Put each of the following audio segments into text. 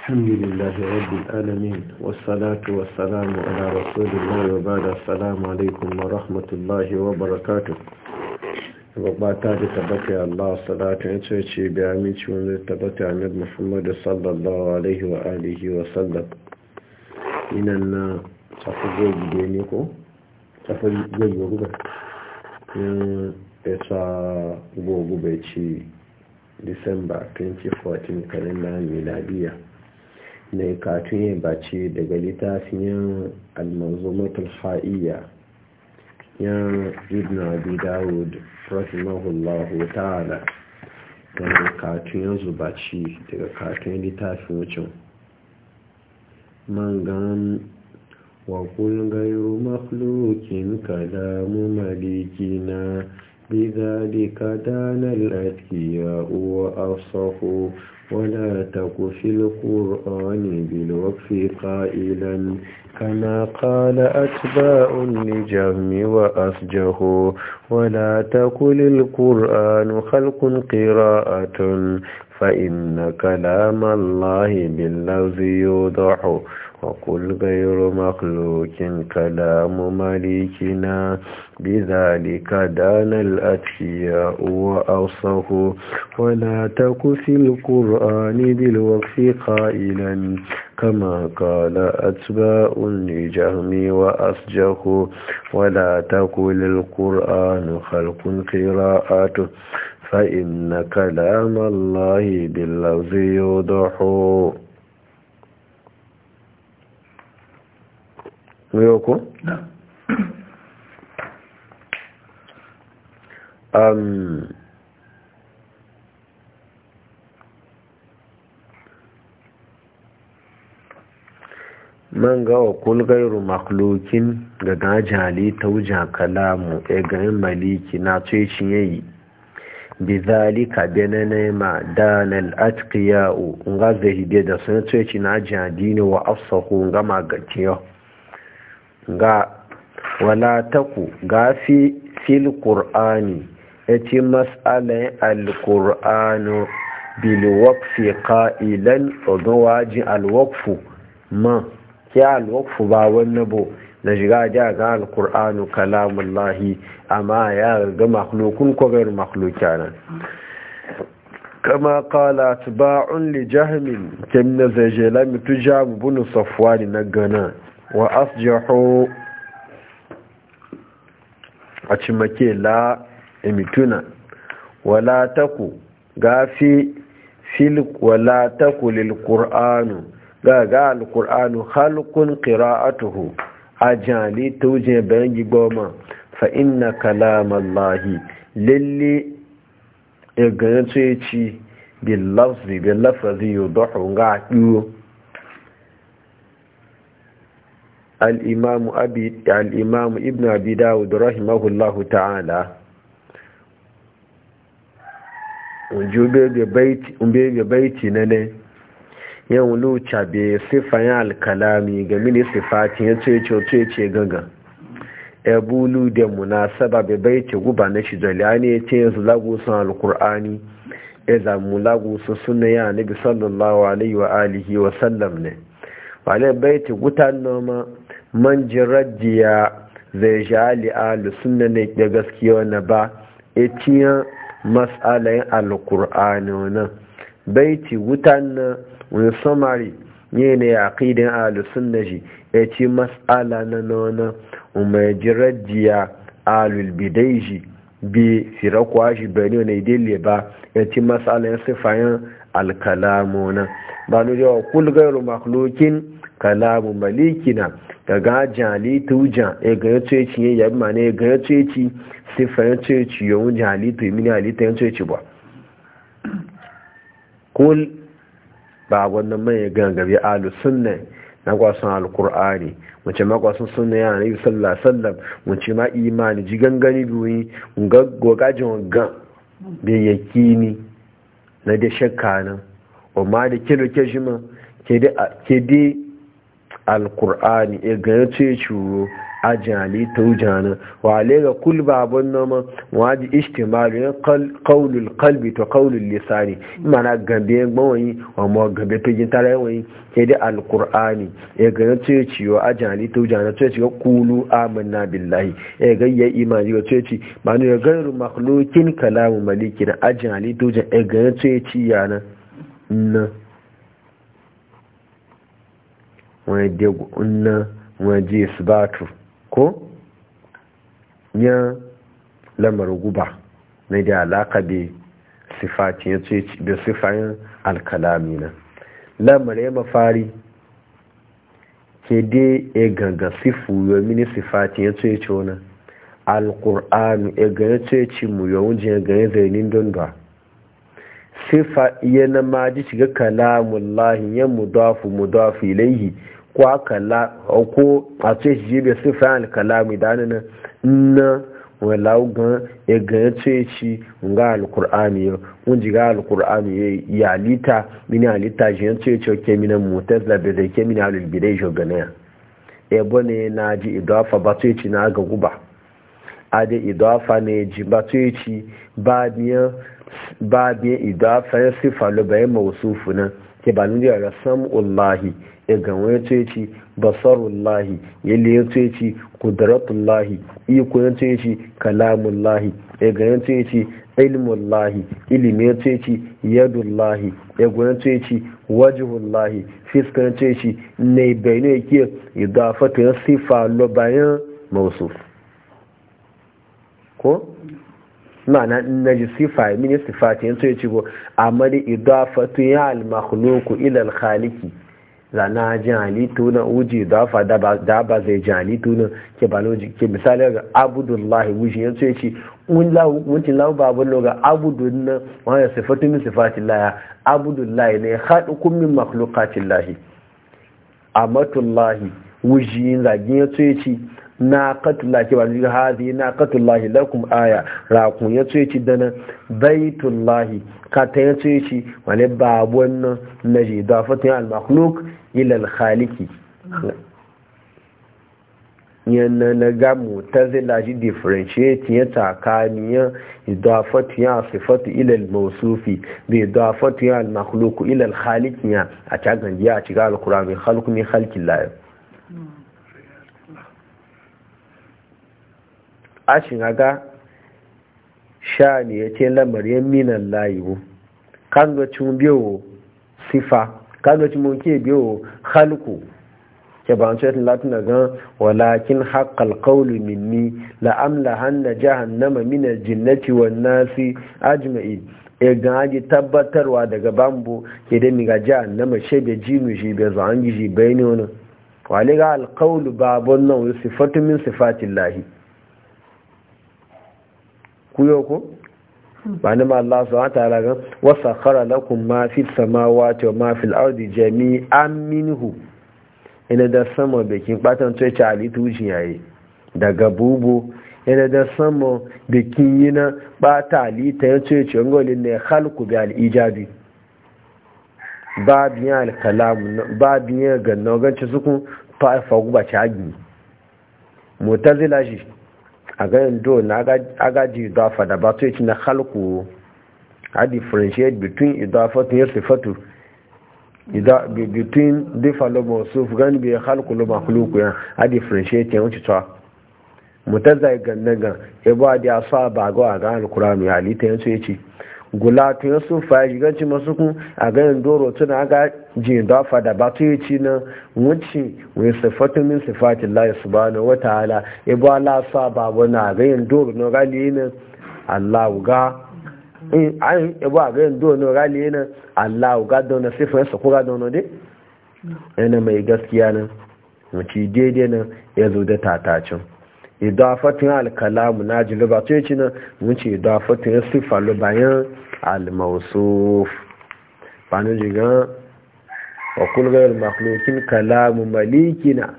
الحمد لله رب العالمين والصلاة والسلام على رسول الله وبعد wa عليكم ورحمة الله وبركاته gabata da tabbata Allah salatu ya ce ce bi aminci wanda tabbata Ahmad Muhammad sallallahu alaihi wa wa sallam inan na tafi gobe da ne ko tafi gobe gobe in esa gobe ce December 2014 kalenda miladiya ne katun yin daga littafin almanzomatar ha'iyya yan ibn abi dawud rahimahullahu ta'ala wani katun yin zubaci daga katun littafin wucin man gan wakun gairu makhlukin kalamu malikina bi zalika dana al-atiya wa asahu ولا تك في القرآن بالوقف قائلا كما قال أتباع لجهم وأفجه ولا تك للقرآن خلق قراءة فإن كلام الله باللفظ يوضح وقل غير مخلوق كلام مليكنا بذلك دان الأتقياء وأوصه ولا تك في القرآن بالوقف قائلا كما قال أتباع لجهم وأسجه ولا تقل القرآن خلق قراءته فإن كلام الله باللفظ يوضحه yau am um, man ga wa kul gairu maklokin ga gajali ta wujan kalamu e garin maliki na tsoyicin yayi bi zalika benene ma danal atqiya'u nga zahibe da sun tsoyici na jadini wa afsahu nga magaciyo ga wala taku gafi fil qur'ani yace mas'alan al-qur'anu bil waqfi qa'ilan udwaji al-waqfu ma ki ba wannan bo da shiga ja ga al kalamullahi amma ya ga makhlukun ko gairu makhlukana kama qala tiba'un li jahmin kamna zajala mitu bunu safwani na gana wa asjahu a cimake la imituna wala taku fi filik wala taku lilkur'anu ga ga Kur'anu halkun kira'atuhu a ta taujin bayangi goma fa inna kalamallahi lalle ya gane ci bi lafazi yi dohun ga ɗiwo الإمام, أبي الإمام ابن أبي داود رحمه الله تعالى bai baiti na ne yan lucha be sifayen alkalami ga mini sifatin ya ce ce ce gaga ebulu da munasaba be baiti guba na shi zalani ya ce yanzu lagusun alkur'ani ya zamu lagusun suna ya nabi sallallahu alaihi wa alihi wa sallam ne wale baiti gutan noma manjin rajiya zai jali alu sunna ne da gaskiya wani ba etiyan matsalayin alkur'ani wani baiti gutan na wani samari ne ne a kidin alu sunna shi ya matsala na nona umar rajiya alul bidai shi bi firakwa shi bani wani idile ba ya ci matsalayin sifayen alkalamu na ba nujewa kulgayar maklokin kalamu malikina daga jali tuja e ga yato ya yabi ma ne ga yato ya ci sifa yato ya ci yawon jali mini halitta yato ya ba kul ba wannan mai gangabe alu sunna na kwasan alkur'ani wace ma kwasan sunna ya nabi sallallahu alaihi wasallam wace ma imani ji gangani duyi gogajin gan da yakini na da shakka nan amma da kilo ke jima ke dai alkur'ani e ga ce shuro a jani ta wujana wa ga kul babun nama waji ishtimalu ya kaulul kalbi ta kaulul lisani mana gambe gbawanyi wa ma gambe to tara yawanyi ke da alkur'ani e ga ce ciwo a jani ta wujana ce ga kulu amanna billahi e ga ya imani ga ce ci ba ne gairu makhlukin kalamu malikin a jani ta wujana e ga ce ci yana na wani degu unna wani ji isbatu ko ya lamar guba na da alaka bi sifati ya ce da sifayin alkalami na lamar ya mafari ke de ya ganga sifu yomi mini sifati ya ce ce wani alkur'anu ya ganya ce ce mu yawon jin ganya zainin don ba sifa iya na maji shiga kalamun lahi ya mudafu mudafu ilaihi ko kala ko a ce shi ga sifa alkalami da nan na walau gan ya gan ce shi ga alkur'ani ya mun ji ga alkur'ani ya yalita mini alita shi yan ce ce ke mina mutas da bai ke mina alul bidai shi gane ya ya bane na ji idafa ba ce ci na ga guba a da idafa ne ji ba ce ci ba biyan ba biyan idafa ya sifa lo bayan mausufu nan ke ba nuna sam'ullahi ya gama ya ce ci basarun lahi ya ce ci lahi iko ya ce ci lahi ya ga ya ce ci ilimin lahi ilimin ya ce ci lahi ya ga ya ce ci lahi fiskar ya ce ci ne bayan ya ke idafatu ya sifa lo bayan mausu ko ma'ana na ji sifa mini ta ya ce ci ko amma da idafatu ya al-makhluqu ila al zana jani tuna uji dafa da ba zai jani tuna ke baloji ke misali ga abudullahi wuji yanzu ya ce wuncin lahu ba lo ga abudun na wani sifatu min sifatin laya abudullahi ne haɗu kummin makhlukatin lahi amatullahi wuji zagin yanzu ya ce na katullahi ke baloji zai na katullahi lakum aya rakun yanzu ya ce dana baitullahi ka ta ya ce wani babu wannan na je dafa tun al-makhluk ilal khaliki yana na gamu ta zai laji differentiate ya ya idafatu ya sifatu ilal mausufi da idafatu ya al-makhluku ilal khaliki ya a cagan ya a cikin al-kura mai halku mai halkin layo ashin aga sha ne ya ce lamarin minan layo kan ga cin biyo sifa kano ci mun ke biyo halku ke ba wancan yatin latin daga walakin haƙƙal ƙaulu minni la'amla hanna jahannama mina jinnati wa nasi ajma'i e gaji tabbatarwa daga bambu ke da mi ga jahannama shebe jinu shi be zo an gishi bai ne wani wale ga alƙaulu nan wasu sifatu min sifatin lahi ku yau ko ma'ana ma Allah su wata ragan wasa kara lakun ma fi sama wata ma fi al'ardi jami'an Aminu. ina da sama bikin batan tsoye ta alitu wucin yayi daga bubu ina da sama bikin yi na bata alita ya tsoye ce ngoli ne halku bi al'ijabi babin ya alkalamu babin ya ganna wajen ci sukun fa'a fagu ba ci hagi mutazila shi a ganin do na agaji idafa da ba to yake na halku a differentiate between idafa ta yake fatu between difa lobo su gani bai halku lobo huluku ya a differentiate yan wuce ta mutazai gannagan ya e ba da ya sa ba ga mai halitta yanzu ya ce gula to ya so fa shiga ci masu kun a ganin doro tuna ga jin dafa da ba to ci na wuce wai sifatu min su Allah subhanahu wa ta'ala ibo Allah sa babu na ganin doro no gali ne Allah ga in ai ibo ganin doro no gali ne Allah ga don na sifan sa ko ga don de mai gaskiya na mu ci daidai nan ya zo da tatacin idafatin alkalamu na ji luba to yace nan mun ce idafatin ya sifa bayan almausuf ba ne jiga wa kul ghayr makhluqin kalamu malikina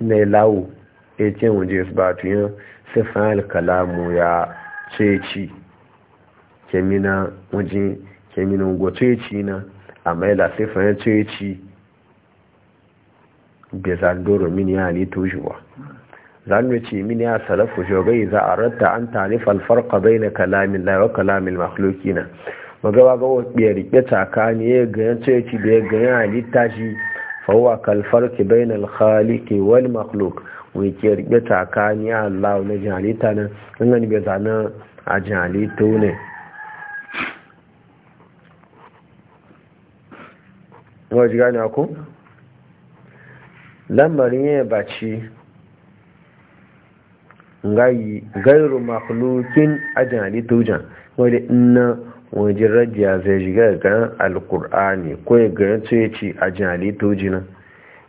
ne lawo yace mun je isbatu ya sifa alkalamu ya ci kemina mujin kemina ce ci na amma la sifa ya ci bai zandoro min ya ne tojuwa zanu ce min ya salafu jogai za a ratta an tarifa alfarka bai na kalamin lawa kalamin makhlukina magawa ga wadda rike tsakani ya ganyen ceci da ya ganyen halitta shi fawa kalfarki bai na alkhaliki wal makhluk wani ke rike tsakani ya allahu na jin halitta nan in gani bai zana a jin halitta ne wajen gane ku? lamarin yin baci ngayi gairu makhlukin ajin halittu jan wadda ina wajen rajiya zai shiga ganin alkur'ani ko ya ganin tsoyaci ci halittu jina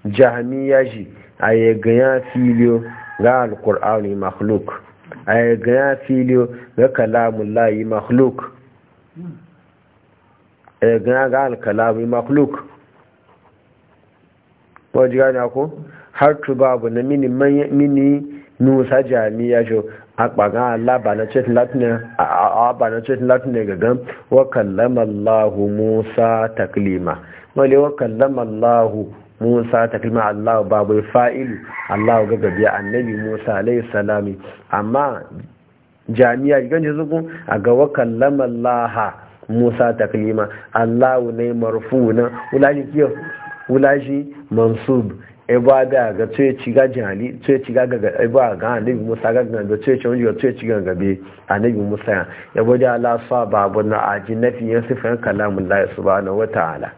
jami ya shi a ya gaya filiyo ga alkur'ani makhluk a ya gaya filiyo ga kalamun layi makhluk a ya gaya ga alkalamun makhluk wajen gane ko har abu na mini mini nusa jami'a jo a kpagan Allah ba na cikin latin gagan wa kallama Allahu Musa taklima wale wa kallama Allahu Musa taklima Allah babu fa'ilu Allah ga gabi annabi Musa alayhi salami amma jami'a ganin zugun a ga wa kallama Laha Musa taklima Allah ne marfu na wulaji kiyo wulashi mansub eba da ga tsoye ciga jihali tsoye ciga ga eba ga annabi musa ga ga tsoye ci wani ga tsoye ciga ga be annabi musa ya eba da ala sa babu na aji nafi yan sifan kalamun la subhanahu wataala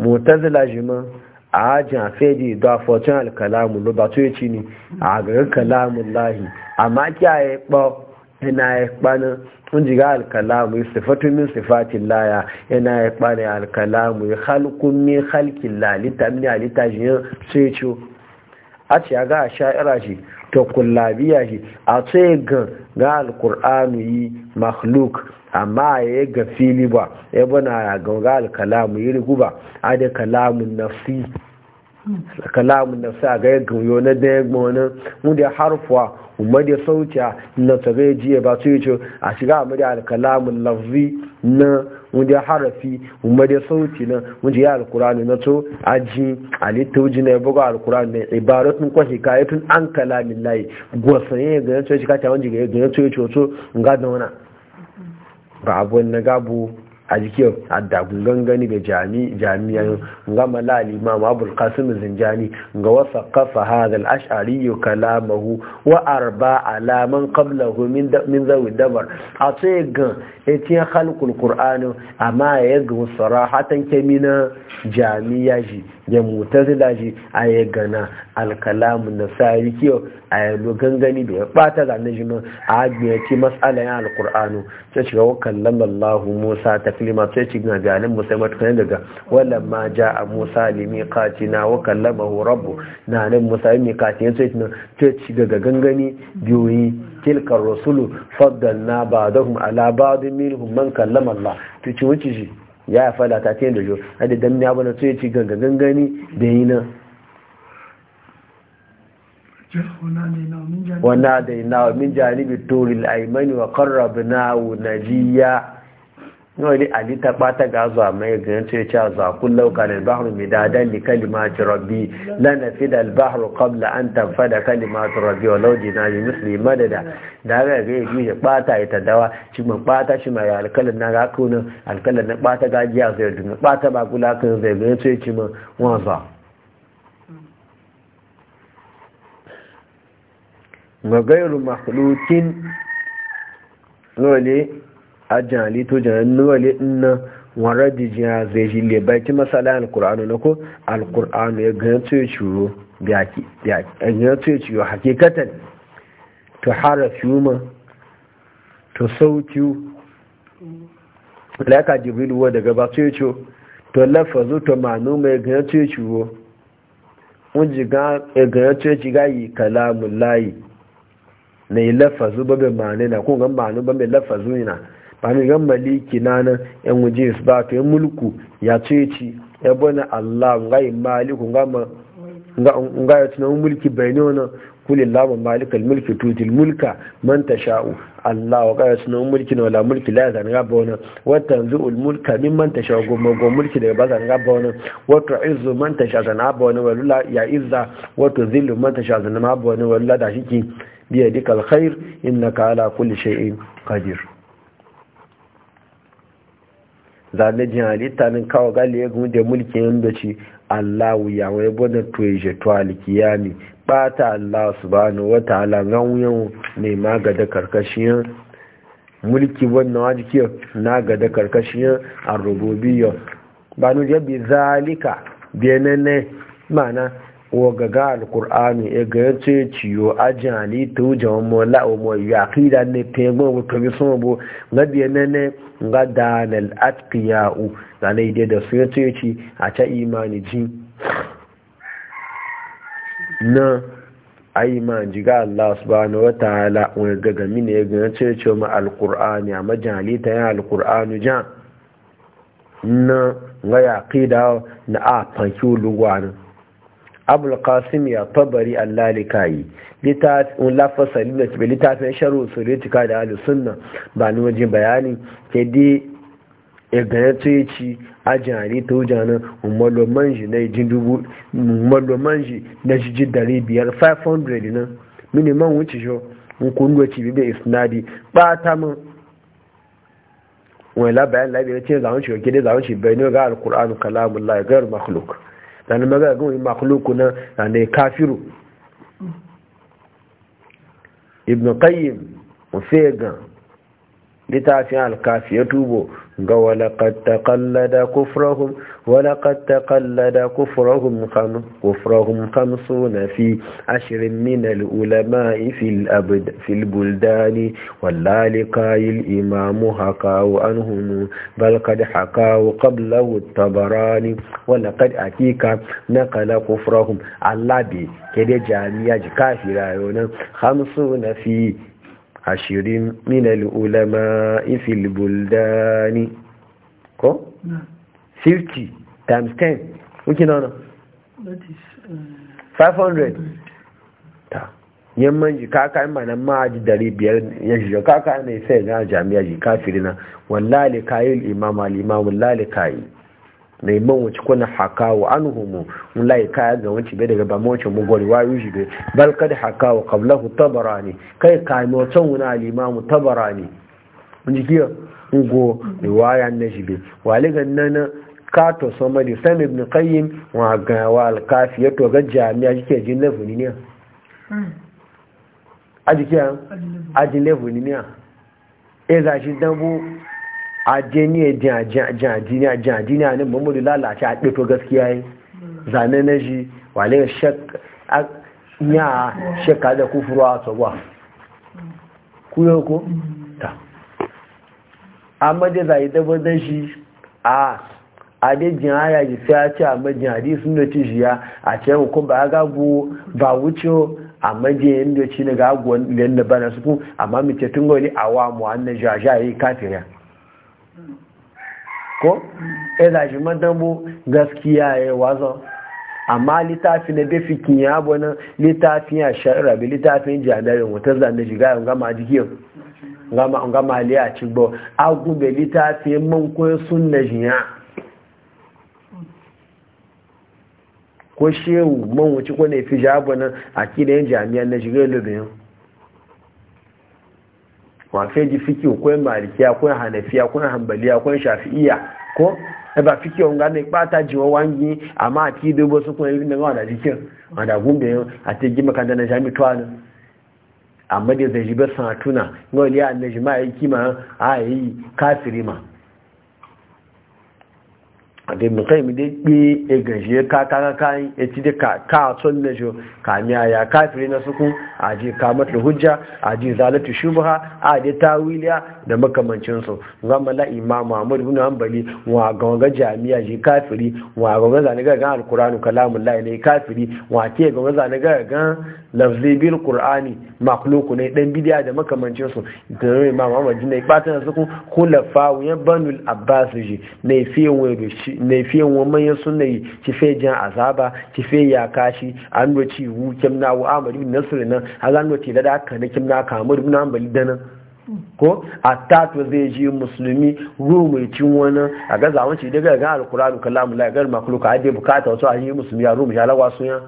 mutazila jima a ajin fedi da fortune al kalamu lo ba tsoye ci ni a ga kalamun lahi amma kiyaye ba yana ya kpana kun ji ga sifatu min sifatin laya yana ya kpana alkalamu halkun min halkin lalita min halitta shi yin tsecho a ce ga a sha'ira shi to kullabiya shi a ce ga ga alkur'anu yi makhluk amma ya ga fili ba ya bana ga alkalamu yi riguba a da kalamun nafsi kalamun na sa ga yagan yau na da yagan wani wanda harfuwa umar da sauciya na tsagai jiya ba su yi ce a shiga a mada alkalamun lafzi na wanda harafi umar da sauci na wanda ya alkurani na to aji a littauji na ya buga alkurani na ibaratun kwashe kayatun an kalamin layi gwasanye ya ganin tsoci ga wanda ya ganin tsoci wato ga da wana ga abuwan na gabo a jikin addagun gangani ga jami'an gama lalima mabul kasim zinjani ga wasa kafa hadal ash'ari yi kalamahu wa arba alaman kablahu min zawi dabar a tsaye gan etiyan halkul kur'anin amma ya ga sarahatan kemina jami'a ya mutazila shi a ya gana alkalamu na sa'ari kiyo a ya lo gangani da ya bata zane shi a agbe ya ce matsala ya alkur'anu shiga wakan lallahu musa ta klima ta ci gina bayanin musa matukan daga wala ma ja a musa limi kaci na wakan rabu na nan musa limi kaci ya sai tunan ta ci daga gangani biyoyi tilkar rasulu faddal na ba da hum ala ba man kallama ya ya fada ta ce da jo a da damni abu na ya ci ganga gangani da yi nan wana da yi na min janibi turil aimani wa karrabi na najiya yau ne ali ta bata ga zuwa mai ganin ce cewa za kullau kan al-bahru midadan kalima kalimati rabbi la nafida al-bahru kabla an tanfada kalimatu rabbi wa law jina bi misli madada da ga ga yi ya bata ita dawa shi mun bata shi mai alkalin na ga kunan alkalin na bata ga jiya sai dun bata ba kula kan zai ganin ce ci ma wanza wa ghayru makhluqin lole ajali to janan nuwale inna wara jijiya zai ji le baki masala alkur'anu na ko alkur'anu ya gani to ya ciro baki ya gani to ya ciro hakikatan to harafi ma to sauki laka jibrilu wa daga ba to ya ciro to lafazu to manu mai gani to ya ciro wọ́n ji gan ẹgbẹ̀rẹ̀ yi ti gáyì kàlámù láyì ní ilẹ́fàzú bọ́bẹ̀ manu nà kó gan màánú bọ́bẹ̀ lẹ́fàzú yìí wani gan maliki na nan yan waje su ba ta yi mulku ya ce ci ya bane allah ngai maliku nga ya tunan mulki bai ne wani kulin lamun malikal mulki tutil mulka man ta sha'u allah wa kaya tunan mulki na wala mulki la zan gaba wani wata zu'ul mulka min man ta sha'u goma goma mulki daga ba zan gaba wani wata izu man ta sha zan gaba wani walula ya izza wata zillu man ta sha zan gaba wani walula da shi ki biya dika khair innaka ala kulli shay'in qadir zane jin halitta nin kawo gali ya da mulkin yadda ce allahu ya wani bane tuwaje tuwaliki ya ne bata allah su ba ni wata halangan wuyan ne ma ga da karkashin mulki wannan wajikiyar na ga da karkashin arububiyar ba ni jabi zalika biyanane ma'ana wa wagaga alkur'ani e ga yace ciyo ajali to jawo mo la o mo ya akida ne pe gbon wo to mi bo ngabi ne ne nga danal atqiyau zane ide da su yace ci a ta imani ji na ai man ji ga Allah subhanahu wa ta'ala wa ga ga mine ya ga yace ciyo ma alkur'ani a majali ta ya alkur'anu ja na ga ya akida na a fanki lugwanin abul qasim ya tabari allalikayi littafin lafasari da cibe littafin sharu suletika da alisunna ba ni waje bayani ke di egana to yi ci a jari ta wujanen umarloman shi na jin dubu na jijin dari biyar 500 na miniman wuce shi in kunduwa ci bibe isnadi ba ta mun wani labayan labayan ce zaunci wakilai zaunci bai ne ga alkur'an kalamun lagar makhluk zane magana ga wani makhluku na zane kafiru ibn qayyim ofega littafin alkafi ya tubo ga walakad taqallada kufrahum walakad taqallada kufrahum kham kufrahum khamsuna fi ashrin min alulama'i fil abd fil buldani wallali qayil imamu hakaw anhum bal qad hakaw qablahu tabarani walakad akika naqala kufrahum allabi kede jami'a ji kafira yonan khamsuna fi ashirin minal ulama ifil buldani ko? 50 times 10 wiki nana? 500 ta yamman ji kaka yin manan ma'aji 500 ya shi kaka mai sai na jami'a ji kafirina wallale kayi imam al-imam wallale kayi mai man wuce kuna wa an humu mulai kaya ga wanci bai daga bamu wancan mugwari wa yi shiga bal kad hakawa kablahu tabara ne kai kame wacan wuna alimamu tabara ne mun ji kiyo da waya na shiga waligan Nana kato sama da sami ibn Kayyim, wa gawa wa alkafi ya toga jami'a jike jin lafi ne hmm. a jikiya ajin lafuni ne e za shi dambu ajeni ajeni ajeni ne mamuri lalace a ɗeto gaskiya yi zane na shi wale ya shekka da kufuru a tsogwa kuyo ko? Mm-hmm. ta amma da zai dabadan shi a adejin haya ji sai a ce a majin hadisi da ci shi ya a ce ko ba gago ba wuce a majin yadda ci na gago da bana su ku amma mace tun gani a wa mu'annan jajaye kafin ya ko ɗaya eh, shi madambo gaskiya ya wazo amma littafi na dafikin ya abuwa littafin ya sha'ira bi littafin jami'ar mutar zane shiga yin gama jikiyar gama gama liya ci a agube littafin man koyo sun na jiya ko shehu man wuce ko na fi jami'ar a kidan jami'ar na shiga yin wafe ji fiki ko malikiya ko hanafiya ko hambaliya ko shafi'iya ko eh, ba fiki on ga ne pata jiwa wangi amma ti do bo su ko yin da wala gumbe a te gima kan da na jami twan amma da zai jibe sanatuna ngoli ya ne jima'i kima a yi kafirima àti nìkan ìmìdé kayan ẹgbẹ̀ṣẹ́ kákákáyín etí dé káàtọ́ nẹ́ṣọ́ kàmí àyà káàkiri na ji kamar kàmàtà hujja àti zalatu ṣubuha àti tawiliya da makamancinsu gamala imam muhammad bin hanbali wa ganga jami'a ji kafiri wa ganga zaniga gan alkuranu kalamun layi ne kafiri wa ke ganga zaniga gan lafzi bil qur'ani makhluku ne dan bidiya da makamancinsu da imam muhammad ne ba ta sukun kulafa wa banul abbas ji ne fi wa da shi ne fiye wa manya suna yi ki fe jan azaba ki fe ya kashi an do ci wu kim na wa amari bin nasr nan hal an do ci da ka na kim na ka amadu bin ambali da nan ko a tatu zai ji musulmi ru mai cin wani a ga zaman daga ga alqur'anu kalamu la gar ka ade bukata wasu a yi musulmi ya ru mai halawa sun ya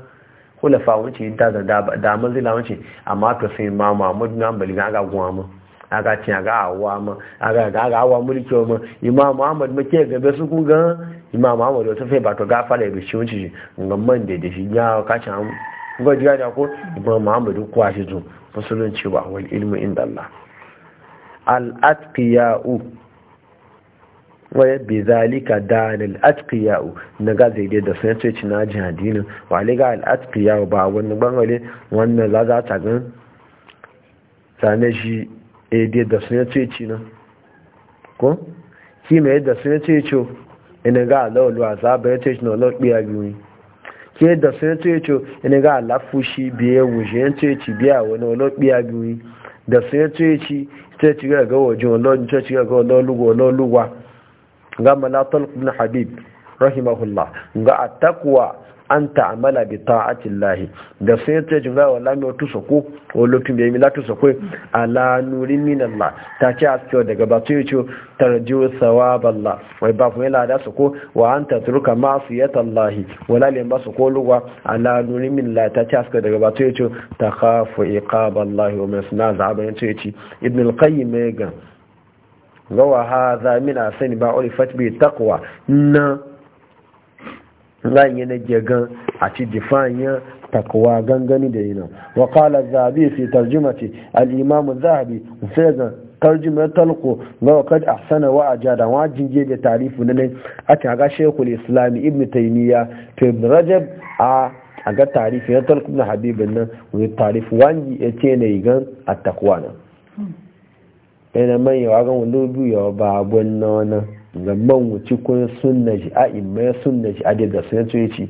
kula fa wace da da da manzila wace amma ka sai ma Muhammadu bin ambali ga ga guwa mu aga cin aga awa ma aga ga aga awa mulki ma imam muhammad ma gabe su kun ga imam muhammad wata fai ba to fara da shi wuce ga man da da shi ya ka an ga jira da ko imam muhammad ku a shi zo musulunci ba wal ilmu inda allah al atqiya'u waya bi zalika danil atqiya'u na ga zai da sun ce ji hadinin wa ga al atqiya'u ba wannan bangare wannan za za ta gan sanashi shi ede da sun yato yaci nan ko kima yadda sun yato yaci ina ga alawulu a zaba yato yaci na olokpiya biyu ke da sun yato yaci ina ga alafushi biye wuje yato yaci biya wani olokpiya biyu da sun yato yaci ta ci ga ga wajen ololun ta ci ga ga ololuwa ololuwa ga malatul ibn habib rahimahullah ga atakwa an ta'amala bi ta'atillahi da sai ta jinga wala mi wato sako ko lokacin da mi ta sako ala nurin min Allah ta ce asko daga ce yace tarju sawaballah wai ba ku yana da sako wa anta turka ma'siyatallahi wala le ba sako luwa ala nurin min Allah ta ce asko daga ta yace takhafu iqaballahi wa masna ce ce ibn al-qayyim ga wa hadha min asani ba urifat bi taqwa na ran na gegan a ci difanya takwa gangani da yana wa kala zabi fi tarjumati al imam tarjima ya talko talqo wa kad ahsana wa ajada wa jinje da tarifu ne a ta ga shaykhul islami ibn taimiyya to ibn rajab a a ga tarifu ya talko na habibin nan wani tarifu wani ya ce yi gan a takwa nan hmm. yana mai ga wani biyu ba abun zaman wuci kun sunna ji a imma sunna ji a da sun tsoye ce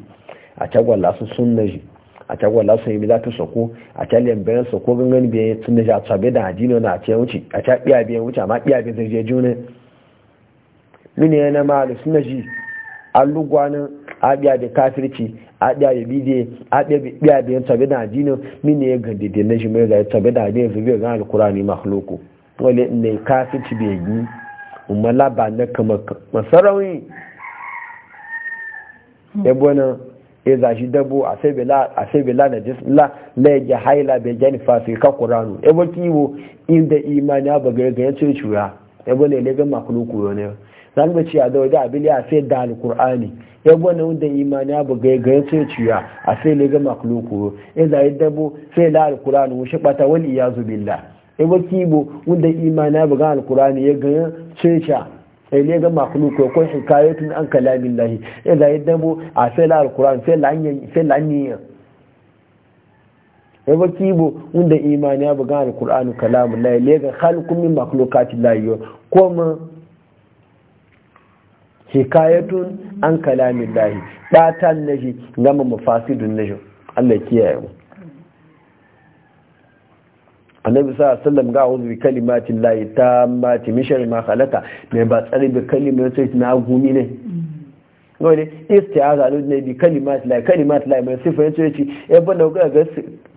a tagwala su sunna ji a tagwala su yi milatu ta soko a taliyan bayan soko gangan biyan sunna ji a tsabe da hajjino na a ce wuce a ta biya biyan wuce amma biya biyan zai je juna mini yana ma da sunna ji an lugwanin a biya da kafirci a biya da bidiye a biya biyan tsabe da hajjino mini ya gandu na shi mai zai tsabe da hajjino zai biya gan alkurani makhluku wale ne kafirci bai yi umala ba na kama masarauni yabo hmm. na ya e zashi dabo a sai bela na jisla na ya ji haila bai jani fasi ka kuranu ebo kiwo inda imani abu gargayen cin shura yabo ne legan makulu kuro ne zan ba a da wajen abin ya sai da alkur'ani yabo na wanda imani abu gargayen cin shura a sai legan makulu kuro. ya e zashi dabo sai la alkur'ani wushe bata wani iya iyazu billah ba kibo wanda imana ga alkurani ya ga cesha sai eh, ne ga makhluku ko hikayatun an kalamin lahi ya eh, ga yadda bu a sai la alquran sai la sai la niyya ba kibo wanda ya buga alquran kalamin lahi ne ga khalqun min makhluqati lahi ko ma hikayatun an kalamin lahi datan naji gama mafasidun naji Allah kiyaye mu annabi sa sallam ga uzu bi kalimatin lahi ta mati mishar ma halaka mai ba tsari bi kalimatin sai na gumi ne wani istiaza ne bi kalimatin lahi kalimatin lahi mai sifa yace yace ya eh, banda ga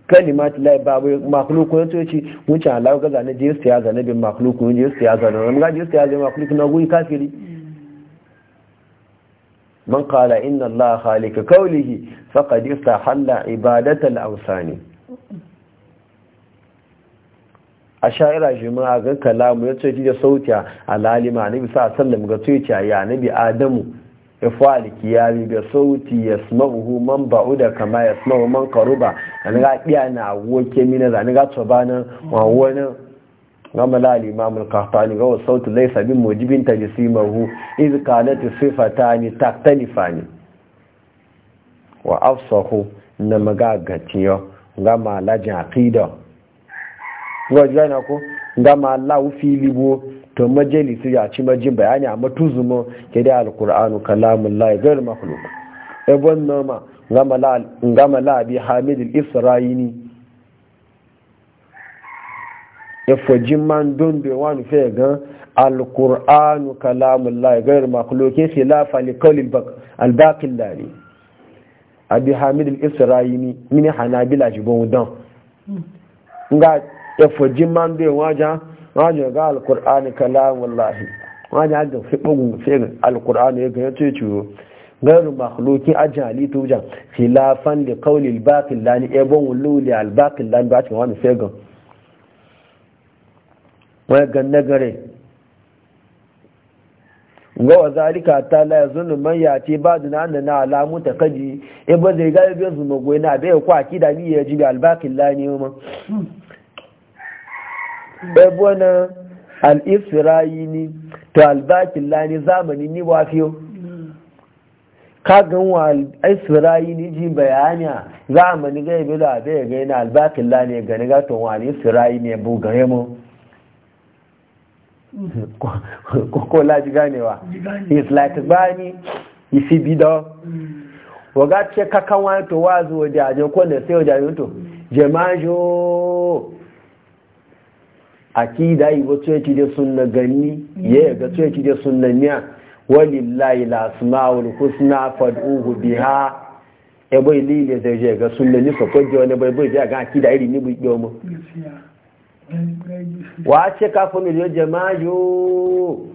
kalimat la babu makhluq ko yace wuce Allah ga zane je siya zane bin makhluq ko je siya zane ga je siya zane makhluq na guri kafiri man qala inna Allah khaliq qawlihi faqad istahalla ibadat al-awsani a sha'ira shi ma ga kalamu ya ce da sautiya a annabi sa sallam ga tuciya ya bi adamu ya fali kiyami sauti ya smahu man da kama ya smahu man karuba an ga na woke mina za ni ga tsobana wa wani gama la mun kafa ni ga sautu laysa bin mujibin ni, iz ta nifa ni, wa afsahu na magagaciyo gama lajin aqidar ga jana ko ga ma Allah fi libo to majalisi ya ci majin bayani amma tuzuma ke da alqur'anu kalamullahi ghayr makhluq e wannan ma gama la gama la bi hamid al-isra'ini ya fojin man don be wani fe gan alqur'anu kalamullahi ghayr makhluq khilafa li qawl al-baqi al-lani abi hamid al-isra'ini min hanabila jibon dan hmm. nga ya faji man bai waja waje ga alkur'ani kalam wallahi waje ga fi bugu sai alkur'ani ya ga yace ciwo غير مخلوق أجهلي توجا خلافا لقول الباطل لاني إبن ولولي الباطل لاني باتي وامي سيغن ويغن نغري wa zalika ta la yazunnu man yati baduna annana ala mutaqadi ibn e zai ga bi zuma goyina bai kwa kidani ya jibi albakin lani ebona al-isra'ini to al-bakin lani zamani ni ba fiyo kagan wa al-isra'ini ji bayaniya zamani ga ibi da bai ga yana al-bakin lani ga ni gato wa al-isra'ini bu gare mu koko laji ganewa is like bani isi bido waga ce kakan wani to wazo wajajen kwanan sai wajajen to mm. jemajo akida yi wato yake da suna gani ya ga to yake da suna niya layi la asmaul husna fad'uhu biha ebe bai ile da je ga suna ni ko je wani bai bai ga akida iri ni bi mu wa ce kafin yo jama'u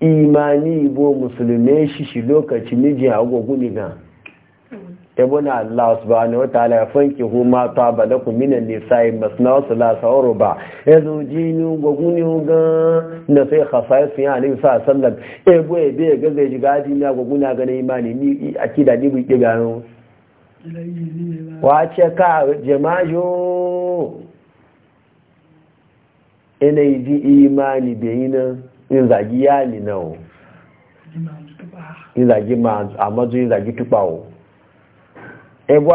imani bo musulmi shi shi lokaci miji agogo ni na. ibn Allah subhanahu wataala ya fanki ma ta balakum minan nisa'i masna wa salasa wa ruba yazo jini goguni ga na sai khasais ya sa sallam e be ga zai jiga dina goguna ga imani ni akida ni bu kiga no wace ka jama'o ina yi ji imani bayina in zagi yali nawo in zagi ma a mazu in zagi tupawo ebo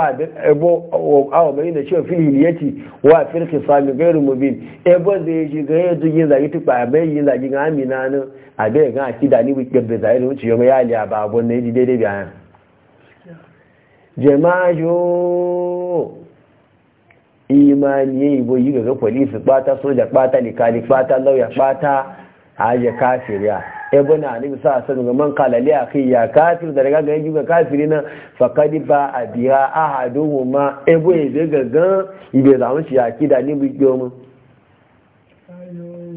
awa mai da cewa fili ya ce wa firki sami gairu mubin ebo zai shi ga yadda yin zagi tukpa a bai yin zagi ga amina nan a bai ga aki da ni wikin da zai wuce yau ya liya ba abu na yi daidai bayan jamajo imani ya ibo yi ga ga polisi kpata soja kpata likali kpata lauya kpata a aje kafiriya a ali sa sanu ga man kalali a kai ya kafir da daga ga yuga kafiri na Fakadi ba a abiya ahaduhuma ebo zai gaga ibe da mun shi akida ni bi gomu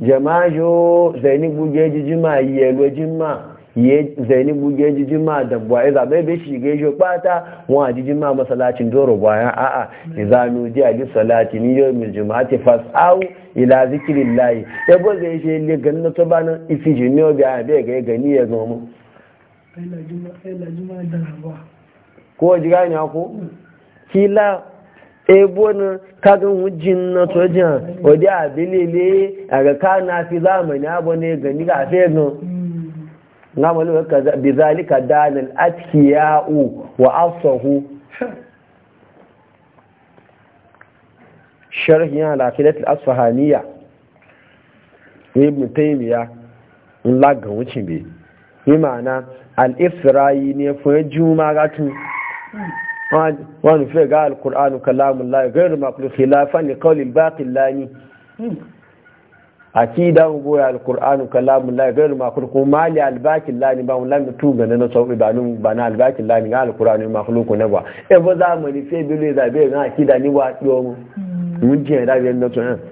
jama'o zaini buge jijima yelo jima ye zaini buge jijima da buwaye zabe be shi ga jo pata wa jijima masalacin doro bayan a'a mm. izanu di ji salati ni yau mai mil juma'ati fas'au ila zikirin layi ya bo zai shi ne gani na tuba na ifi ji ne obi a bai gai gani ya zo mu ko ji gani ko la ebo na kagan wujin na tojan odi a bilile a ga ka na fi zamani abu ne gani ga fe gan na malu bi zalika dalil atqiya'u wa asahu sharhin al'afidat al'asfahaniya ibn taymiya in lagan wucin be yi ma'ana al'ifirayi ne fun juma gatu wani fi ga al'ur'anu kalamun la'i gairu makulu khilafan ne kawai baƙin lani a ki dan goya al'ur'anu kalamun la'i gairu makulu kuma mali albakin lani ba wani lamin tu gane na sauƙi ba na albakin lani ga al'ur'anu makulu ku na ba ebe zamani fi bilu zabe na akida ni ba a ɗiyo mu mun ji ẹ̀dá bí ẹ̀dá tó hàn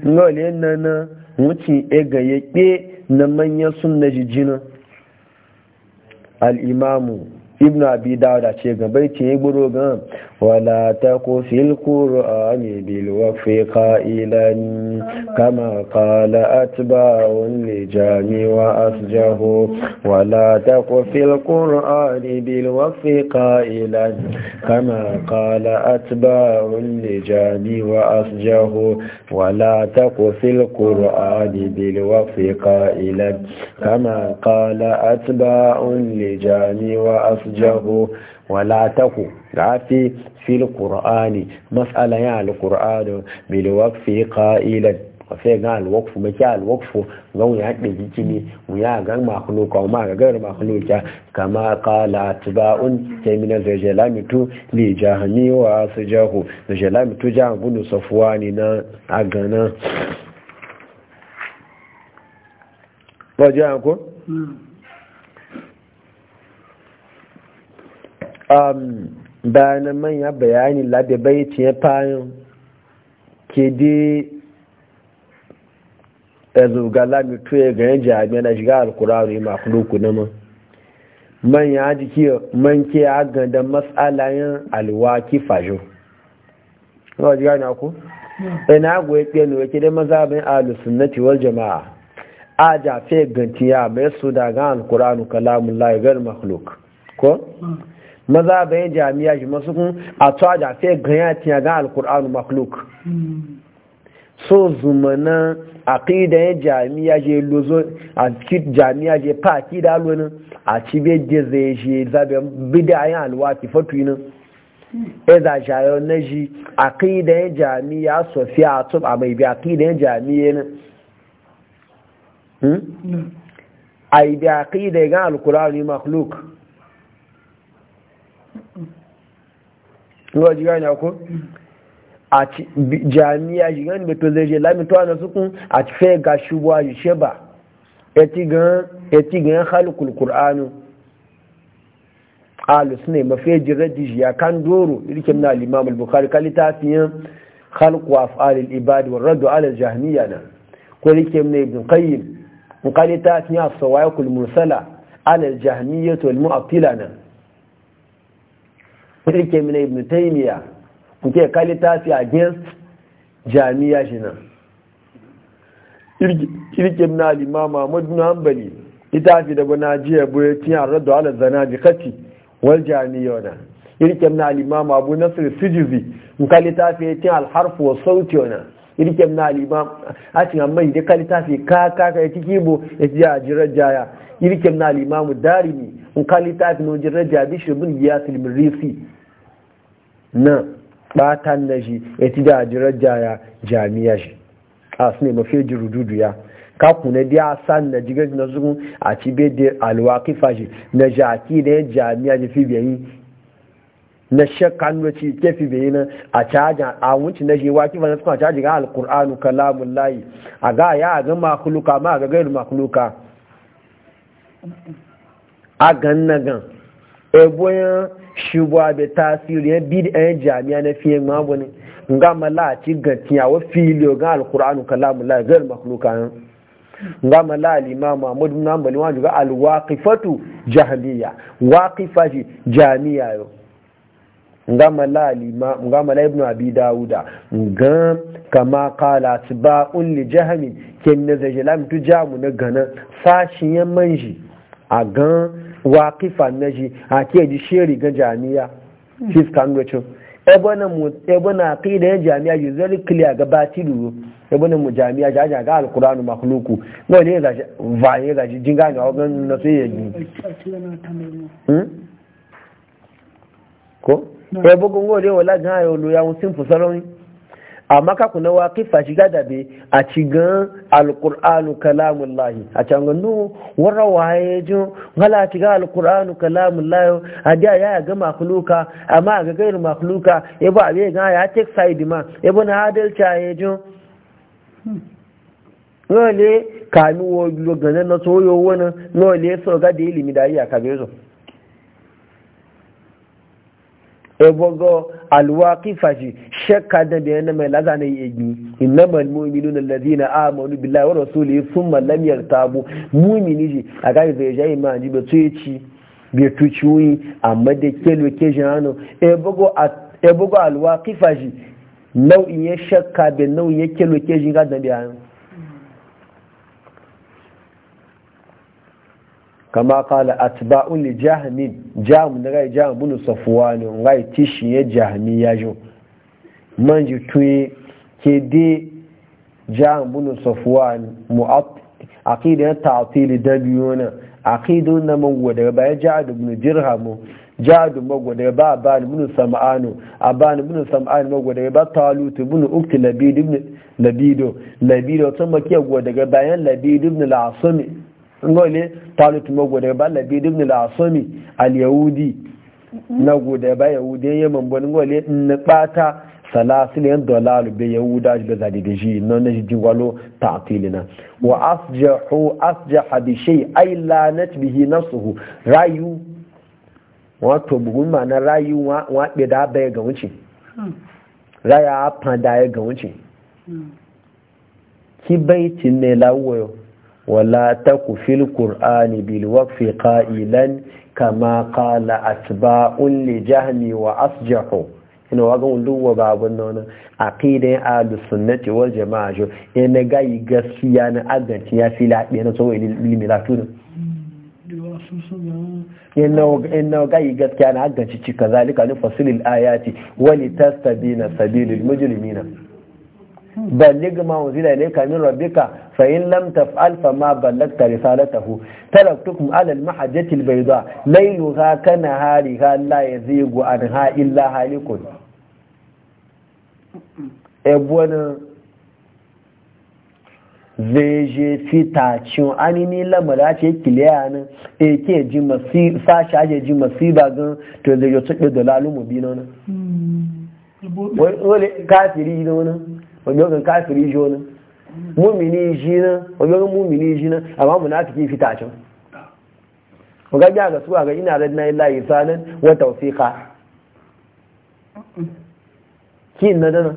na nana wọ́n ti ya pé na e manyan sun na jijina al'imamu ibn abi dawuda ce gabai ce gburo gan wala ta ko fil qur'ani bil wafi qailan kama qala atba'un li jami wa asjahu wala ta ko fil qur'ani bil wafi qailan kama qala atba'un li jami wa asjahu wala ta ko fil qur'ani bil wafi qailan kama qala atba'un li jami wa asjahu فرجه fil qur'ani mas'ala ya al مسألة bil waqfi qa'ilan قائلا sai ga alwakfu mai al waqfu ga mu ya ɗin jikini mu ya ga makhluka ma ga gar makhluka kama qala tibaun jalami tu li jahani wa sajahu tu ja bun safwani na agana ja ko hmm. Um, bayanan manya bayani labe bai ya fayin ke di ezugala mitu ya a biya na shiga alkurari makuluku na ma manya jiki ke a gandan matsalayen alwaki fajo ga jiga na ku hmm. ina goye tsenu ke dai mazabin alusunnati wal jama'a a jafe gantiya mai su daga alkuranu kalamun lagar makhluk ko hmm. maza bayan jami'a shi masu kun a tsaja sai ganya tiya ga alkur'anu makluk so zumana aqida ya jami'a je lozo a kit jami'a je pa akida lona a cibe je zai je zabe bid'a ya alwati fatuina e da shayo na ji aqida ya jami'a sofiya tub a mai bi aqida ya jami'a ne hmm, hmm. ai bi aqida ga alkur'anu makluk ruwa jiga ne ko a jami'a jiga ne beto zai je lami to ana sukun a ti fe ga shubuwa yi yushe ba eti e gan halukul kur'anu alus ne mafi jirage ya kan doro irkin na limam al-bukhari kan littafiyan halku fa'alil ibadi wa raddu ala jahmiya na ko irkin ne ibn qayyim kan littafiyan as-sawaiqul mursala ala to wal mu'attila na rike mina ibn taymiya nke kali tafi against jami'a shi nan rike mina al amadu na bin Hanbali ita fi daga gona jiya boye tiya rado ala zanaji kati wal jami'a na rike mina al Abu nasir Sijizi kali tafi tiya alharfu harf wa sauti na rike mina al-imam a cikin amma idan kali tafi ka ka ka yake bo yake a jirar jaya irkem na al-imam Darimi in kali jirar jabi shirbin ya silmirisi Na batan na shi ya ti da jirar jaya jami'a shi a su ne mafi jirududu ya kaku na biya san na jigar na zugun a ci bai da alwakifa shi na jaki da ya jami'a shi fi biyayi na shakkan da ci ke fi biyayi na a caji a wuce na shi waki fana suka caji ga alkur'anu kalamun layi a ga ya a ga makuluka ma a ga gairu makuluka a gan na gan eboyan shugwa da tasiri yan bid yan jami'a na fiye mabu ni nga ma laati malaci gantiya wa o gan alkur'anu kalamu la zai makhluka yan nga ma malali ma mahmud ibn hanbal wa ga alwaqifatu jahiliya waqifati jami'a yo nga ma malali ma nga ma la ibnu abi dawuda nga kama qala tibaun li jahmi ken na zajalam tu jamu na gana yan manji a gan waƙifa na aka a ke ji sheri ga jami'a fiskan rocin ebe na kai da jami'a yi zari kiliya ga bati duro ebe na mu jami'a ja ja ga alkuranu makhluku no ne zaji vaye ga jin ga na ko ebe wala lo ya un simple salon amma ka kuna waƙifa shiga da bi a cigan kalamun lahi a can gandu wara waye jo alƙur'anu kalamun lahi a hadiya ya ga makuluka amma ga gair makuluka ya ba be ga ya take side ma e bona hadal chaye jo nole wani wo lo ganan na soyo wona nole so ga da ilimi da iya ka bezo ebogo alwaqifa shi shakka da bayan na mai lazana yi egi innamal mu'minun allazina amanu billahi wa rasulihi thumma lam yartabu mu'mini ji a ga zai jayi ma ji ba tuci bi tuci amma da ke location hano ebogo ebogo alwaqifa shi nau'in ya shakka da nau'in ya ke location ga da bayan kama kala atba'un li jahmin jahm na gai jahm bunu safwan gai tishi ya jahmi ya jo manji tuye ke de jahm bunu safwan mu'at aqida ta'til dabiyuna aqidun na man da ba ya ja'ad ibn dirham ja'ad magwada ba ban ibn sam'anu aban ibn sam'an magwada ba talut ibn ukt labid ibn labido labido tun makiya daga bayan labid ibn al-asmi ngole talut mago da balla bi ibn al-asami al-yahudi na gode ba yahudi ya mambo ne na bata salasilin dalalu bi yahuda bi zadidiji non ne jingwalo ta'tilina wa asjahu asjaha bi shay ay la natbihi nafsuhu rayu wato bugun ma na rayu wa be da bai ga wuce raya fanda ya ga wuce hmm. hmm. ki baitin ne lawoyo ولا تك في القرآن kama قائلا atba'un قال أتباع لجهم وأصجحوا ina wagon luwa babun nan aqidan ahlus sunnati wal jamaa jo ina ga gaskiya na aganci ya fi labe na tsowo ilmi latuna ina gaskiya na aganci cika zalika ni fasilil ayati wa litastabina sabilul mujrimina بلغ ma unzila إليك من ربك فإن لم تفعل فما بلغت ma ballagta على المحجة البيضاء ليلها كنهارها لا يزيغ عنها إلا هالك أبونا veje illa halikun fitacin anini lamara ce kiliya nan e ke ji masu sashi ake ji masi ba gan to zai yi tuɗe da lalumu nan wani hmm. kafiri nan wajen kafiri jo nan mumini ji nan wajen mumini ji nan amma munafiki fita can gajiya ga su ga ina yi layi sanin wata tawfiqa kin na dana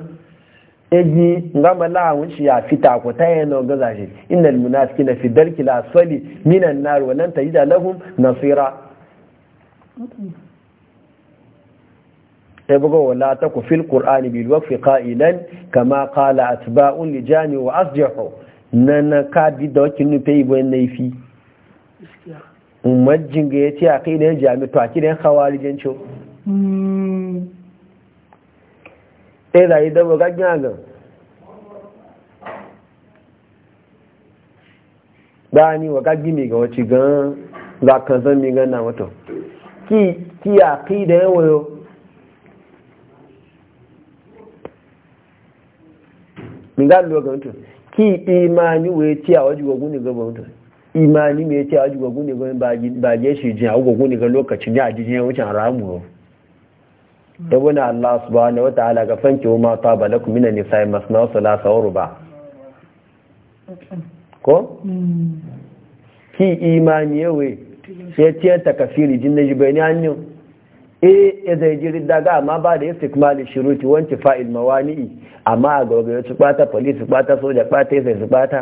eji ngamba lahawun shi ya fita ko ta yana gaza shi innal munafiki na fidar la soli, minan nan ta yi da lahum nasira sai buga wala ta ku fil qur'ani bil waqfi qailan kama qala atba'un li jami wa asjahu nan ka bi da wakin nufe ibo naifi umajin ga yace aqidan jami to a aqidan khawarijin cho hmm. sai da idan ga ganya gani wa gagi mai ga wacce gan za kan zan mi gan na wato ki ki aqidan wayo min ga lo ga mutum ki imani we ti a waji gogun ne ga mutum imani me ti a waji gogun ne ga ba je shi jin a gogun ne ga lokacin ya ji jin wucin ramu da wani Allah subhanahu wataala ga fanki wa mata balakum minan nisa'i masna wa nasu wa ruba ko hmm. ki imani yawe sai ta takafiri jin na an hanyar eh zai ji daga amma ba da ya fi kuma da shiruti wanci fa'il mawani'i amma a gaba su bata polis su bata soja bata ya sai su bata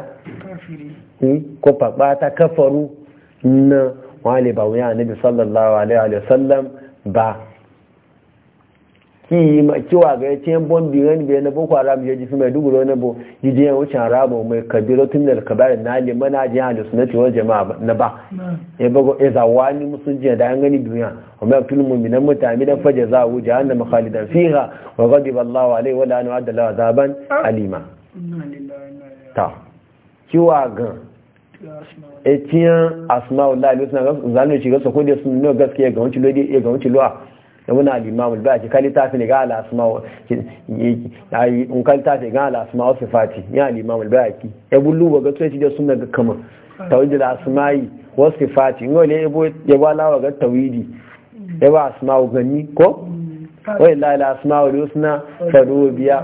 hmm? ko fa kafaru na wale ba wuya annabi sallallahu alaihi wa sallam ba ki ma kiwa ga yace bon bi ran bi na boko haram je jisu mai duguro na bo jide ya wucin rabo mai kabiru tun da kabar na le mana ji halu sunnati wal jamaa na ba ya bago e musu musunji da an gani duniya wa ma kullu mu'minan mutamidan fa jazaa'u jahannam khalidan fiha wa ghadiba Allahu alaihi wa la'anu adala azaban alima ta kiwa ga etiyan asma'ul lahi sunna zanu shiga sako da sunno gaskiya ga wancin ga wancin lo'a da wani ba alba ki kalita ne ga al'asma in kalita ne ga al'asma wasu fati ya al'imam alba ki ya bullu ba ga tsoci da suna ga kama tawidi da asma'i wasu fati in wani ya ba lawa ga tawidi ya ba asma'u gani ko mm. wai la la wa da suna faru biya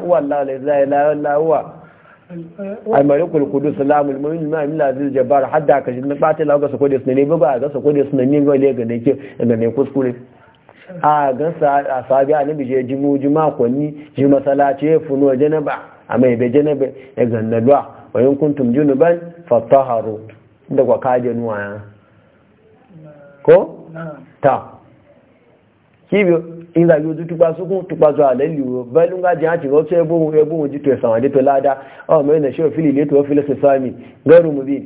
ga sako da sunani ba ba ga a gan a sabi a nabi je jimu juma kwanni ji masalaci ya funo janaba a mai bai janaba ya gannalwa wa yin kuntum junuban fattaharu da kwa kaje nuwa ya ko ta kibiyo in zagi ojú tupa sókún tupa zọ àlẹ́lì bẹ́lú ńgá jẹ́ àti rọ́tọ́ ẹgbóhun ẹgbóhun jítò ẹ̀sàn àdétò ládá ọmọ ẹ̀nà ṣe òfin ilé tó fílẹ̀ sẹ́sáàmì gẹ́rù mú bí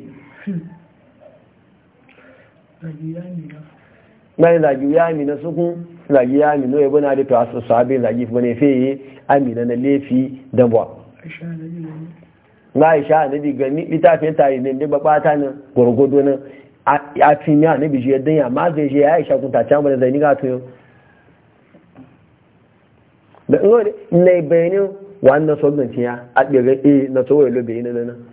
mai zagi ya amina suku zagi ya amina ya bana da tawasu sahabi zagi ba ne feye amina na lefi da ba na isha na bi gani litafin tare ne ba ta nan gwargwado nan a fimi a nabi shi yadda ya ma zai shi ya isha kun tace mana zai ni ga yau. da ne bayanin wannan soganciya a ɗirar eh, na tsohon lobe na nan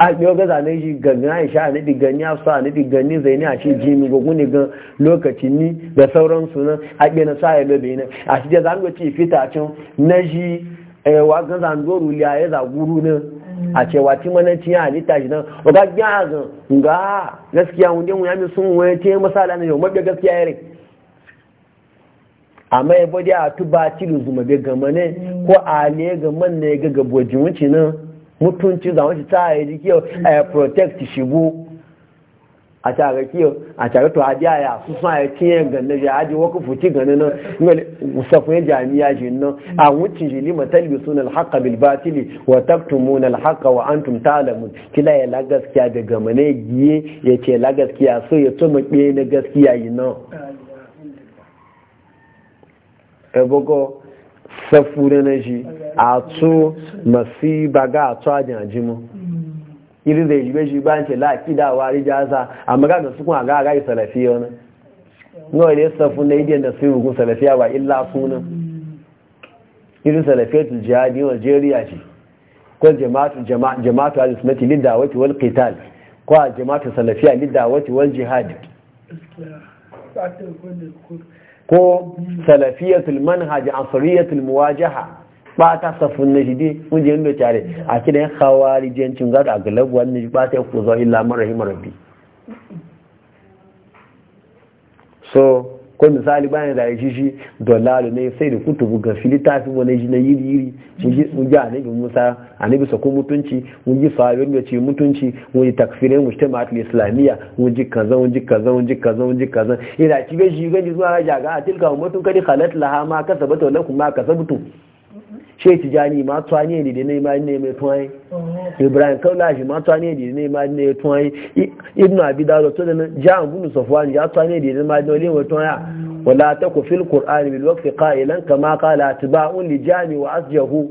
a yau zane shi gangan aisha a naɗi gani afsa a naɗi gani zaini a ce jimi gugu ne gan lokaci ni da sauran sunan a ɓe na sa ya lobe ne a shi da zan ce fita a can na shi eh, wa gan zan doru liya ya za guru ne a ce wa ti mana ci ya halitta shi nan ba ga gya gan ga gaskiya wunde mu ya mi sun wani te masala ne yau mabe gaskiya yare amma ya bodi a tuba tilu zuma be gamane ko a ne gaman ne ga gabojin wuce nan mutunci za wasu ta yi kiyo a eh, protect shigu a tare kiyo a tare to a ya su suna ya cinye ganna ya haji waka futi ganin nan musafin jami'a shi nan a wucin shi lima talbisun alhaqa bil batili wa taktumun alhaka wa antum ta'lamun kila ya la gaskiya daga mane giye ya ce la so ya tuma kiye na gaskiya yi nan ebogo eh, safu da na shi a tso masu baga a tso ajin mu. irin da yi shi ba ce la'akida wa rijasa amma ga su kuma ga ga salafi wani nawa ne safu na idiyan da su yi hukun salafiya ba illa sunan irin salafiyatul jihadi algeria ce ko jama'atu al-ismati lidawati wal qital ko jama'atu salafiya lidawati wal jihad ko salafiyatul manhaj asriyatul muwajaha ba ta safun na shi dai mun je inda tare a kidan khawarijancin ga da galabu wannan ba ta ku zo illa marahim rabbi so ko misali bayan da shi shi dolaru ne sai da kutu ga filitafi wani shi na yiri yiri mun ji anabi musa anabi sako mutunci mun ji sahabin da ce mutunci mun ji takfirin mujtama'at islamiyya mun ji kaza mun ji kaza mun ji kaza mun ji kaza ina ci shi gaji zuwa raja ga tilka ummatun kadi khalat laha ma kasabatu lakum ma kasabtum ṣe ti jani ma tuwa tó ayé da nema ìmá ẹmẹ tún ayé ibrahim kọláàṣì ma tuwa ayé ìdìdì da nema ní ẹmẹ tuwa yi ibn abidalo tó dẹnu já ń gúnnù sọfọ àni ne ya ayé ìdìdì ní ìmá ní olíwẹ tún Wala ta la tẹkọ fíl kùránì bí lọ́kì ká kama kàmá ká láti bá ń lè já ní wàá jẹhu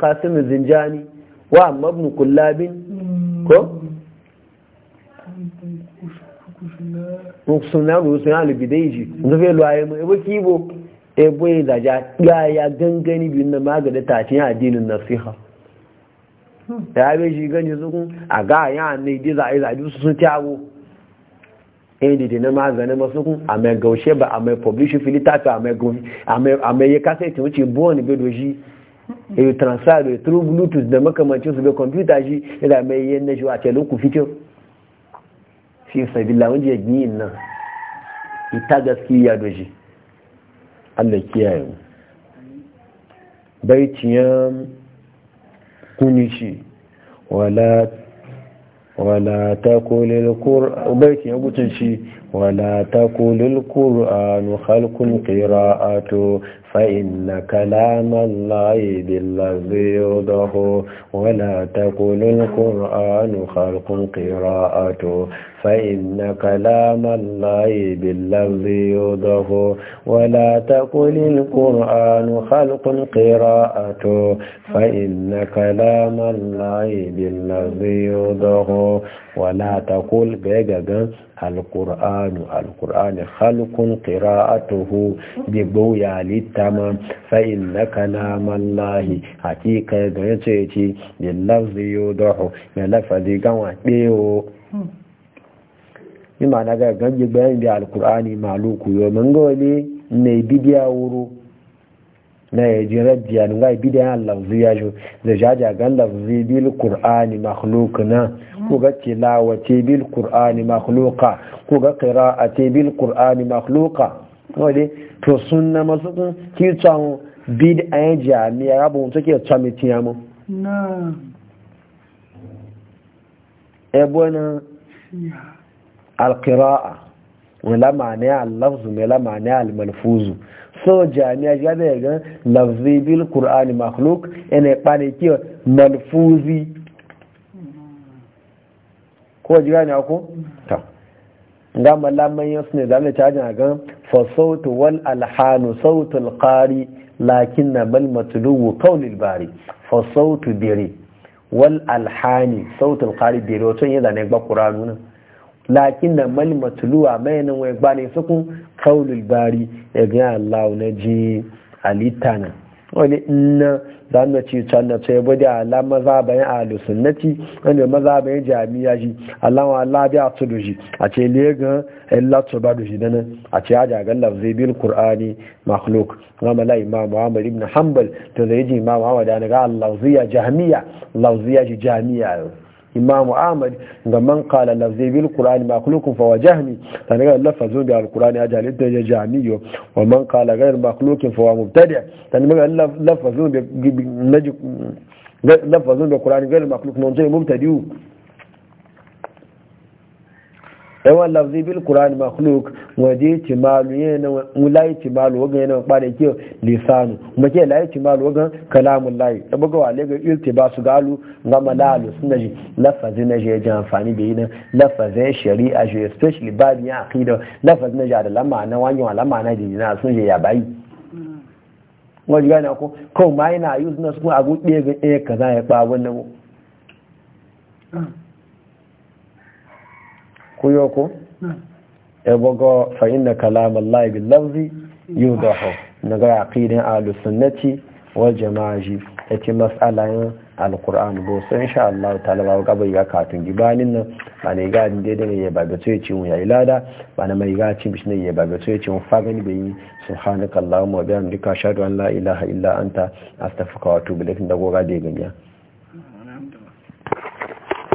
qasim zinjani wa mabnu kullabin ko sunan rusun alibidaiji wanda fai lo ayyamu ebe kibo ebe da ja ya gangani biyu na magada tashin addinin nasiha hmm. ya bai shi gani su a ga ya ne di za e, a yi zaɓi su sun tiago inda di na maganin masu kun a mai gaushe ba a mai publishin filitafi a mai ya kasa ita wuce buwan bai doshi ya transfer da e, through bluetooth da makamancin su bai kwamfuta shi da mai yi na shi a ce lokacin fito fi sabila wajen yin nan ita gaskiya doshi Allah kiyaye mu baitiyan kunishi wala wala takulil qur'an baitiyan gutun shi wala takulil qur'an khalqun qira'atu fa inna kalamallahi billazi yudahu wala takulil qur'an khalqun qira'atu فإن كلام الله باللفظ يوضه ولا تقل القرآن خلق قراءته فإن كلام الله باللفظ يوضه ولا تقل بيجا القرآن القرآن خلق قراءته ببويا للتمام فإن كلام الله حقيقة جنسيتي باللفظ يوضح يلفظ قوة بيو ni ma na ga ganje bayan da alkur'ani maluku yo mun go wani ne bidiya wuru na ya ji rajiya ni ga bidiya Allah zu ya jo da jaja gan lafzi bil qur'ani makhluq na ko ga ce bil qur'ani makhluqa ko ga ce bil qur'ani makhluqa wale to sunna masu ki bid bid'a jami'a rabu take tsamitiya mu na ebona yeah alkira'a wala ma'ana a lafzu mai la ma'ana malfuzu so jami'a ya da ga lafzi bil qur'ani makhluk ene pane ki malfuzi ko ji gani ako ta ga malaman yau ne da ta jin ga fa wal alhanu sautu al qari lakinna bal matlubu qawl al bari fa sautu diri wal alhani sautu al qari diri wato yana ne ba qur'anu na. lakin da malmatuluwa matuluwa mai nan wai ba ne sukun kaulul bari ya gina Allah na ji alita na wani inna za mu ci can da sai bude ala maza bayan ahlus sunnati wanda maza bayan jami'a shi Allah wa Allah bi tudu shi a ce lega ga eh, Allah to ba shi dana a ce aja ga lafzi bil qur'ani makhluk wa mala imam Muhammad ibn Hanbal to zai ji imam Muhammad da ga lafziya jahmiya lafziya jahmiya imamu ahmad ga man kala lafzai bil qur'an makhluqun fa ta tani ga lafazu bil qur'an a jalid da jamiyo wa man kala ghayr makhluqin fa wa mubtadi tani ga lafazu bil lafazun da qur'ani ghayr makhluq non jay mubtadi yawan lafzi bil qur'an makhluk waje timalu yana mulai timalu wagan yana kware ke lisanu kuma ke lai timalu wagan kalamun lai da buga wale ga su galu ga malalu sun naji lafazi na je ji amfani da yin lafazin shari'a je especially babin aqida lafazi na ja da na wani wa lamana ji na sun je ya bayi wani gane ko kawai ma yana yi suna su a gudu ɗaya ga ɗaya kaza ya ɓa wannan kuyo ko hmm. ebogo fa inna kalam Allah bil lafzi yudahu naga aqidin ahlus sunnati wal jama'aji yace mas'alayin alqur'an bo so insha Allah ta'ala ba ga bai ka tun gibanin nan ba ne ga inde da ne ba ga to yace ya ilada lada ba na mai ga cin bishin ba ga to yace fa gani bai subhanakallahumma wa bihamdika ashhadu an la ilaha illa anta astaghfiruka wa atubu ilaik da goga da ganiya